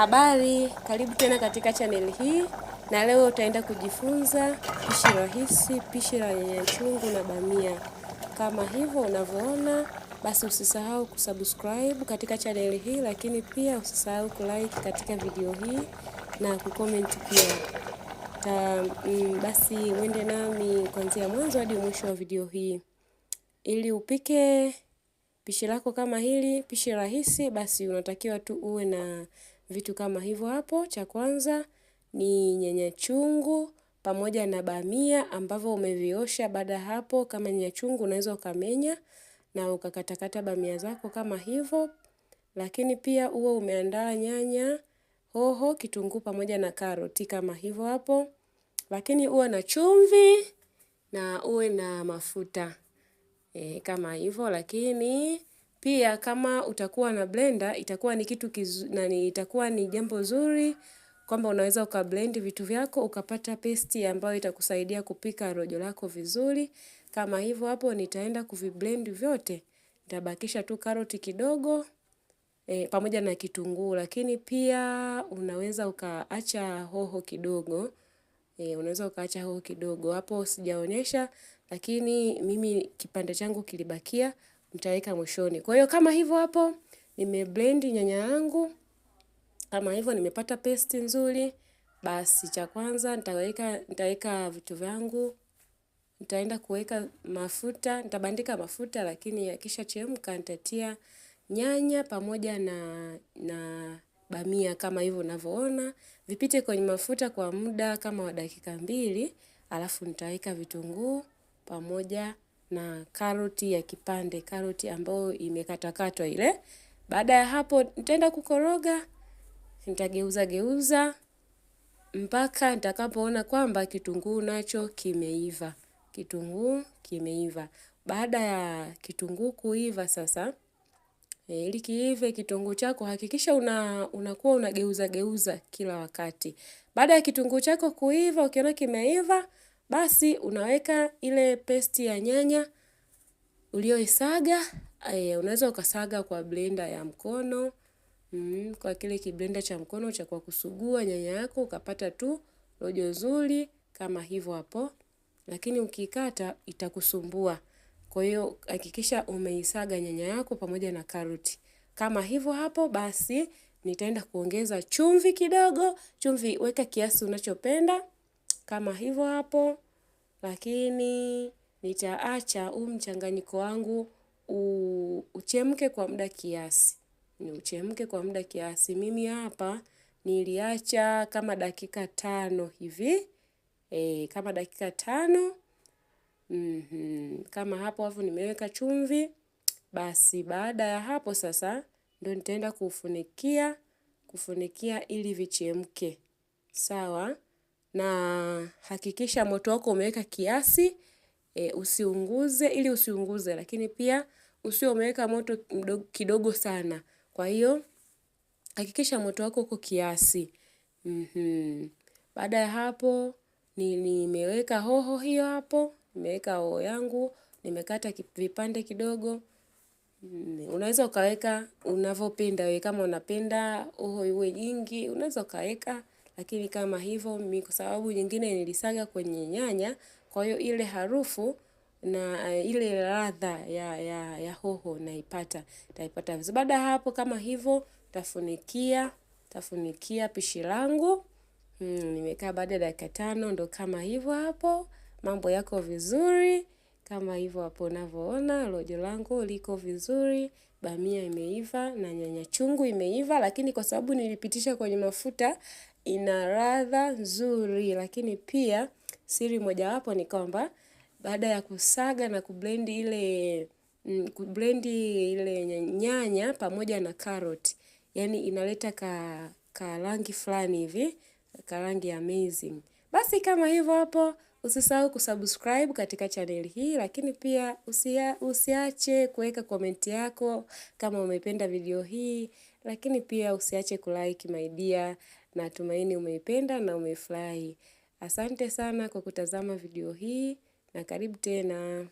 Habari, karibu tena katika chaneli hii, na leo utaenda kujifunza pishi rahisi, pishi la nyanya chungu na bamia. Kama hivyo unavyoona, basi usisahau kusubscribe katika chaneli hii, lakini pia usisahau kulike katika video hii na kucomment pia. Ta, mm, basi uende nami kuanzia mwanzo hadi mwisho wa video hii ili upike pishi lako kama hili, pishi rahisi. Basi unatakiwa tu uwe na vitu kama hivyo hapo. Cha kwanza ni nyanya chungu pamoja na bamia ambavyo umeviosha. Baada ya hapo, kama nyanya chungu unaweza ukamenya na ukakatakata bamia zako kama hivyo. Lakini pia uwe umeandaa nyanya, hoho, kitunguu pamoja na karoti kama hivyo hapo. Lakini uwe na chumvi na uwe na mafuta e, kama hivyo. Lakini pia kama utakuwa na blender itakuwa ni kitu kizu, nani, itakuwa ni jambo zuri kwamba unaweza ukablend vitu vyako ukapata paste ambayo itakusaidia kupika rojo lako vizuri. Kama hivyo hapo nitaenda kuviblend vyote, nitabakisha tu karoti kidogo e, pamoja na kitunguu, lakini pia unaweza ukaacha hoho kidogo e, unaweza ukaacha hoho kidogo hapo sijaonyesha, lakini mimi kipande changu kilibakia nitaweka mwishoni. Kwa hiyo kama hivyo hapo nimeblend nyanya yangu kama hivyo, nimepata paste nzuri. Basi cha kwanza nitaweka nitaweka vitu vyangu, nitaenda kuweka mafuta, nitabandika mafuta, lakini yakisha chemka nitatia nyanya pamoja na na bamia kama hivyo unavyoona, vipite kwenye mafuta kwa muda kama wa dakika mbili, alafu nitaweka vitunguu pamoja na karoti ya kipande, karoti ambayo imekatakatwa ile. Baada ya hapo nitaenda kukoroga, nitageuza geuza mpaka nitakapoona kwamba kitunguu nacho kimeiva. Kitunguu kimeiva. Baada ya kitunguu kuiva sasa, e, ili kiive kitunguu chako hakikisha una unakuwa unageuza geuza kila wakati. Baada ya kitunguu chako kuiva, ukiona kimeiva basi unaweka ile pesti ya nyanya ulioisaga, eh, unaweza ukasaga kwa blender ya mkono mm, kwa kile kiblenda cha mkono cha kwa kusugua nyanya yako ukapata tu rojo zuri kama hivyo hapo, lakini ukikata itakusumbua. Kwa hiyo hakikisha umeisaga nyanya yako pamoja na karoti kama hivyo hapo. Basi nitaenda kuongeza chumvi kidogo. Chumvi weka kiasi unachopenda kama hivyo hapo, lakini nitaacha huu mchanganyiko wangu uchemke kwa muda kiasi, ni uchemke kwa muda kiasi. Mimi hapa niliacha kama dakika tano hivi e, kama dakika tano mm -hmm. Kama hapo hapo nimeweka chumvi. Basi baada ya hapo sasa ndo nitaenda kufunikia kufunikia ili vichemke sawa na hakikisha moto wako umeweka kiasi, e, usiunguze ili usiunguze, lakini pia usio umeweka moto kidogo sana. Kwa hiyo, hakikisha moto wako uko kiasi. Mhm. Baada ya hapo, nimeweka hoho hiyo hapo, nimeweka hoho yangu, nimekata vipande kidogo. Mhm. Unaweza ukaweka, unavyopenda, kama unapenda, hoho iwe nyingi, unaweza ukaweka. Lakini kama hivyo mimi kwa sababu nyingine nilisaga kwenye nyanya, kwa hiyo ile harufu na eh, ile ladha ya, ya, ya hoho naipata taipata vizuri. Baada ya hapo kama hivyo tafunikia tafunikia pishi langu hmm, nimekaa baada ya dakika tano ndo kama hivyo hapo, mambo yako vizuri kama hivyo hapo unavyoona, rojo langu liko vizuri, bamia imeiva na nyanya chungu imeiva, lakini kwa sababu nilipitisha kwenye mafuta ina ladha nzuri, lakini pia siri mojawapo ni kwamba baada ya kusaga na kublendi ile mm, kublendi ile nyanya pamoja na karoti, yani inaleta ka karangi fulani hivi, karangi amazing. Basi kama hivyo hapo, usisahau kusubscribe katika chaneli hii, lakini pia usia, usiache kuweka komenti yako kama umependa video hii. Lakini pia usiache kulike my dear, tumaini umeipenda na umeifurahi. Asante sana kwa kutazama video hii na karibu tena.